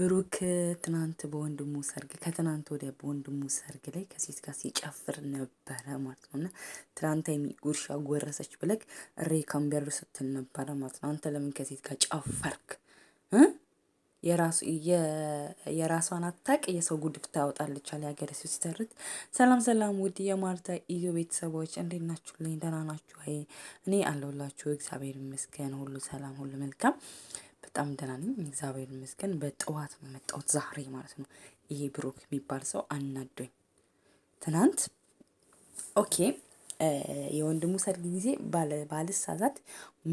ብሩክ ትናንት በወንድሙ ሰርግ ከትናንት ወዲያ በወንድሙ ሰርግ ላይ ከሴት ጋር ሲጨፍር ነበረ ማለት ነው። እና ትናንት ሀይሚ ጉርሻ ጎረሰች ብለክ ሬ ካምቢያር ስትል ነበረ ማለት ነው። አንተ ለምን ከሴት ጋር ጨፈርክ? የራሷን አታቅ የሰው ጉድፍ ታወጣለች አለ የሀገር ሰው ሲተርት። ሰላም ሰላም፣ ውድ የማርታ ኢዮ ቤተሰቦች እንዴት ናችሁልኝ? ደህና ናችሁ ወይ? እኔ አለሁላችሁ እግዚአብሔር ይመስገን፣ ሁሉ ሰላም፣ ሁሉ መልካም። በጣም ደህና ነኝ እግዚአብሔር ይመስገን። በጠዋት ነው የመጣሁት ዛሬ ማለት ነው። ይሄ ብሩክ የሚባል ሰው አናዶኝ ትናንት ኦኬ የወንድሙ ሰርግ ጊዜ ባልሳዛት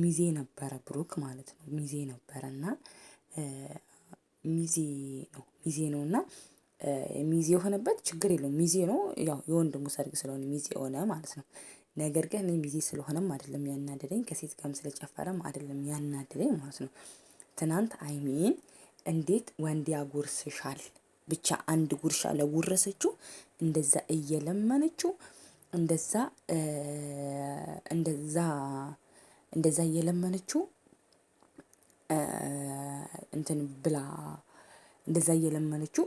ሚዜ ነበረ ብሩክ ማለት ነው። ሚዜ ነበረ እና ሚዜ ነው ሚዜ ነው እና ሚዜ የሆነበት ችግር የለውም። ሚዜ ነው ያው የወንድሙ ሰርግ ስለሆነ ሚዜ የሆነ ማለት ነው። ነገር ግን እኔ ሚዜ ስለሆነም አይደለም ያናደደኝ ከሴት ጋርም ስለጨፈረም አይደለም ያናደደኝ ማለት ነው። ትናንት አይሚን እንዴት ወንድ ያጎርስሻል ብቻ አንድ ጉርሻ ለጉረሰችው እንደዛ እየለመነችው እንደዛ እንደዛ እንደዛ እየለመነችው እንትን ብላ እንደዛ እየለመነችው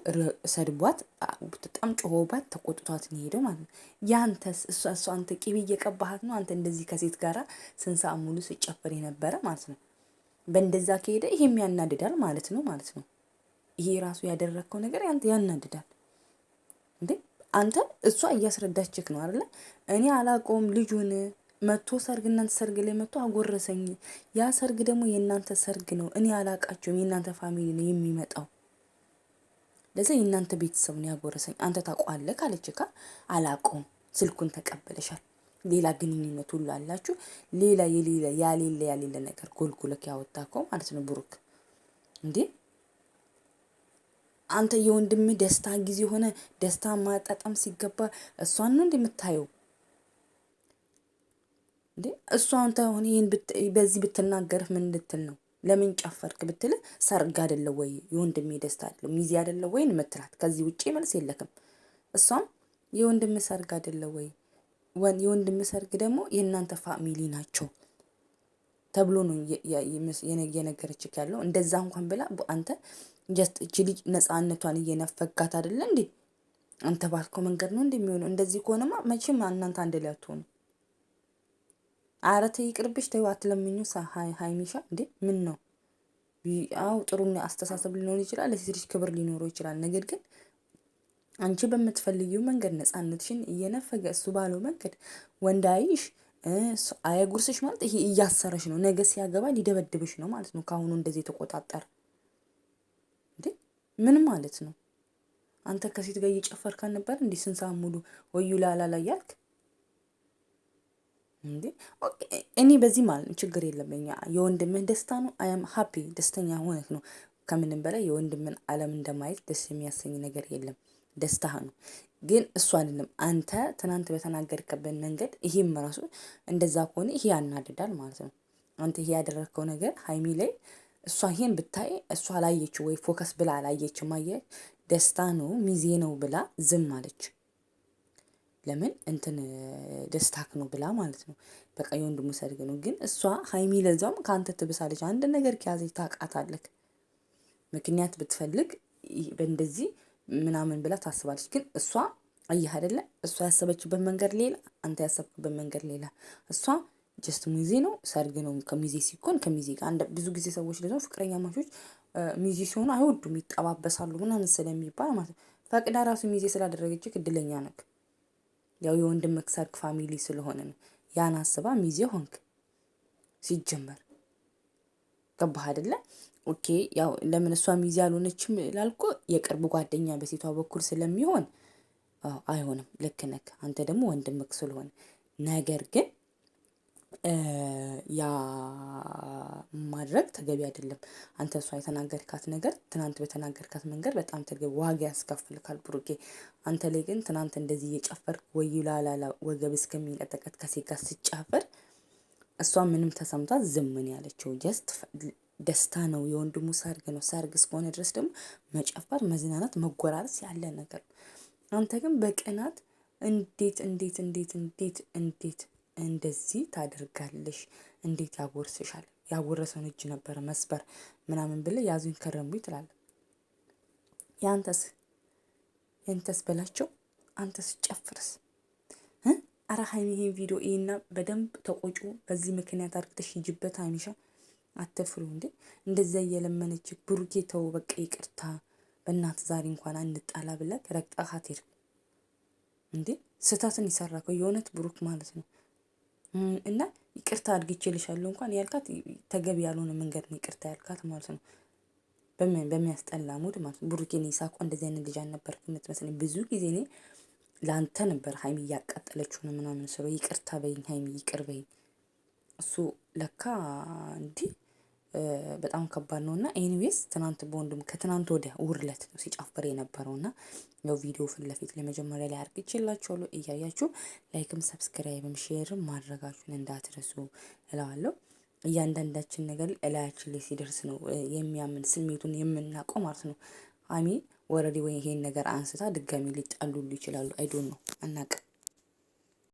ሰድቧት፣ በጣም ጮሆባት፣ ተቆጥቷት ነው የሄደው ማለት ነው። ያንተ እሷ አንተ ቂቤ እየቀባሃት ነው አንተ እንደዚህ ከሴት ጋራ ስንሳ ሙሉ ስጨፍር የነበረ ማለት ነው። በእንደዛ ከሄደ ይሄም ያናድዳል ማለት ነው ማለት ነው። ይሄ ራሱ ያደረግከው ነገር ያንተ ያናድዳል እንዴ! አንተ እሷ እያስረዳችክ ነው አይደለ? እኔ አላቆም ልጁን መጥቶ ሰርግ እናንተ ሰርግ ላይ መጥቶ አጎረሰኝ። ያ ሰርግ ደግሞ የእናንተ ሰርግ ነው፣ እኔ አላቃቸውም። የእናንተ ፋሚሊ ነው የሚመጣው፣ ለዛ የእናንተ ቤተሰብ ነው ያጎረሰኝ። አንተ ታቋለ ካለችካ አላቀውም። ስልኩን ተቀበለሻል። ሌላ ግንኙነት ሁሉ አላችሁ። ሌላ የሌለ ያሌለ ያሌለ ነገር ጎልጉለክ ያወጣከው ማለት ነው። ብሩክ እንዴ አንተ የወንድም ደስታ ጊዜ ሆነ ደስታ ማጣጣም ሲገባ እሷን ነው እንደምታየው እሷ አንተ አሁን ይህን በዚህ ብትናገርህ ምን ልትል ነው? ለምን ጨፈርክ ብትል ሰርግ አደለ ወይ የወንድሜ ደስታ አደለ ሚዜ አደለ ወይ ምትላት። ከዚህ ውጭ መልስ የለክም። እሷም የወንድም ሰርግ አደለ ወይ የወንድም ሰርግ ደግሞ የእናንተ ፋሚሊ ናቸው ተብሎ ነው የነገረች ያለው። እንደዛ እንኳን ብላ አንተ ጀስት እቺ ልጅ ነፃነቷን እየነፈጋት አደለ እንዴ? አንተ ባልከው መንገድ ነው እንደሚሆነው። እንደዚህ ከሆነማ መቼም እናንተ አንድ ላይ አትሆኑ። ኧረ ተይ ይቅርብሽ፣ ተይው አትለምኙ። ሀይሚሻ እንዴ ምን ነው? አው ጥሩ አስተሳሰብ ሊኖር ይችላል፣ የሴት ልጅ ክብር ሊኖረው ይችላል። ነገር ግን አንቺ በምትፈልጊው መንገድ ነፃነትሽን እየነፈገ እሱ ባለው መንገድ ወንዳይሽ አይሽ አያጉርስሽ ማለት ይሄ እያሰረሽ ነው። ነገ ሲያገባ ሊደበድብሽ ነው ማለት ነው። ከአሁኑ እንደዚህ የተቆጣጠረ እንዴ ምን ማለት ነው? አንተ ከሴት ጋር እየጨፈርክ ነበር እንዲህ ስንት ሙሉ ወዩ ላላላ ያልክ እንዴ እኔ በዚህ ማለት ነው ችግር የለብኝ። የወንድምህ ደስታ ነው አያም ሀፒ ደስተኛ ሆነት ነው። ከምንም በላይ የወንድምን አለም እንደማየት ደስ የሚያሰኝ ነገር የለም። ደስታህ ነው ግን እሱ አይደለም። አንተ ትናንት በተናገርከብን መንገድ ይሄም ራሱ እንደዛ ከሆነ ይሄ ያናድዳል ማለት ነው። አንተ ይሄ ያደረግከው ነገር ሀይሚ ላይ እሷ ይሄን ብታይ እሷ አላየችው ወይ ፎከስ ብላ አላየችም። አየህ ደስታ ነው ሚዜ ነው ብላ ዝም አለች። ለምን እንትን ደስታክ ነው ብላ ማለት ነው። በቃ የወንድሙ ሰርግ ነው። ግን እሷ ሀይሚ ለዛውም ከአንተ ትብሳለች። አንድ ነገር ከያዘች ታውቃታለህ። ምክንያት ብትፈልግ በእንደዚህ ምናምን ብላ ታስባለች። ግን እሷ አየህ አይደለ? እሷ ያሰበችበት መንገድ ሌላ፣ አንተ ያሰብክበት መንገድ ሌላ። እሷ ጀስት ሚዜ ነው ሰርግ ነው። ከሚዜ ሲኮን ከሚዜ ጋር ብዙ ጊዜ ሰዎች ደግሞ ፍቅረኛ ማቾች ሚዜ ሲሆኑ አይወዱም፣ ይጠባበሳሉ ምናምን ስለሚባል ማለት ነው። ፈቅዳ ራሱ ሚዜ ስላደረገች እድለኛ ነክ ያው የወንድምህ ሰርግ ፋሚሊ ስለሆነ ነው። ያን አስባ ሚዜ ሆንክ ሲጀመር ገባህ አይደለ? ኦኬ ያው ለምን እሷ ሚዜ አልሆነችም ላልኮ የቅርብ ጓደኛ በሴቷ በኩል ስለሚሆን አይሆንም። ልክ ነህ። አንተ ደግሞ ወንድምክ ስለሆነ ነገር ግን ያ ማድረግ ተገቢ አይደለም። አንተ እሷ የተናገርካት ነገር ትናንት በተናገርካት መንገድ በጣም ተገቢ ዋጋ ያስከፍልካል ብሩኬ። አንተ ላይ ግን ትናንት እንደዚህ እየጨፈርክ ወይ ላላላ ወገብ እስከሚንቀጠቀጥ ከሴት ጋር ስጫፈር እሷ ምንም ተሰምቷት ዝምን ያለችው ጀስት ደስታ ነው፣ የወንድሙ ሰርግ ነው። ሰርግ እስከሆነ ድረስ ደግሞ መጨፈር፣ መዝናናት፣ መጎራረስ ያለ ነገር ነው። አንተ ግን በቅናት እንዴት እንዴት እንዴት እንዴት እንዴት እንደዚህ ታደርጋለሽ፣ እንዴት ያጎርስሻል፣ ያጎረሰውን እጅ ነበር መስበር ምናምን ብለ ያዙኝ ከረሙ ትላለ። የአንተስ የንተስ በላቸው አንተስ ጨፍርስ። አረ ሀይሚ ይሄን ቪዲዮ ይሄና በደንብ ተቆጩ። በዚህ ምክንያት አርግተሽ ሂጅበት ሀይሚሻ አትፍሩ እንዴ! እንደዚያ እየለመነች ብሩኬ ተው በቃ ይቅርታ በእናት ዛሬ እንኳን አንጣላ ብለ ረግጠሃት ሄድክ እንዴ? ስህተትን ይሰራከው የእውነት ብሩክ ማለት ነው። እና ይቅርታ አድርጌልሻለሁ እንኳን ያልካት ተገቢ ያልሆነ መንገድ ነው ይቅርታ ያልካት ማለት ነው። በሚያስጠላ ሙድ ማለት ነው። ብሩኬ እኔ ሳውቀው እንደዚህ አይነት ልጅ አልነበርክም የምትመስለኝ። ብዙ ጊዜ እኔ ለአንተ ነበር ሀይሚ እያቃጠለችው ነው ምናምን ስለው ይቅርታ በይኝ ሀይሚ ይቅር በይኝ። እሱ ለካ እንዲህ በጣም ከባድ ነው እና ኤኒዌይስ ትናንት በወንድም ከትናንት ወዲያ ውርለት ነው ሲጨፍር የነበረው እና ያው ቪዲዮ ፊት ለፊት ለመጀመሪያ ላይ አርግ ይችላችኋሉ እያያችሁ ላይክም ሰብስክራይብም ሼርም ማድረጋችሁን እንዳትረሱ እለዋለሁ። እያንዳንዳችን ነገር እላያችን ላይ ሲደርስ ነው የሚያምን ስሜቱን የምናውቀው ማለት ነው። አሚ ወረዲ ወይ ይሄን ነገር አንስታ ድጋሚ ሊጣሉሉ ይችላሉ። አይዶን ነው አናውቅም።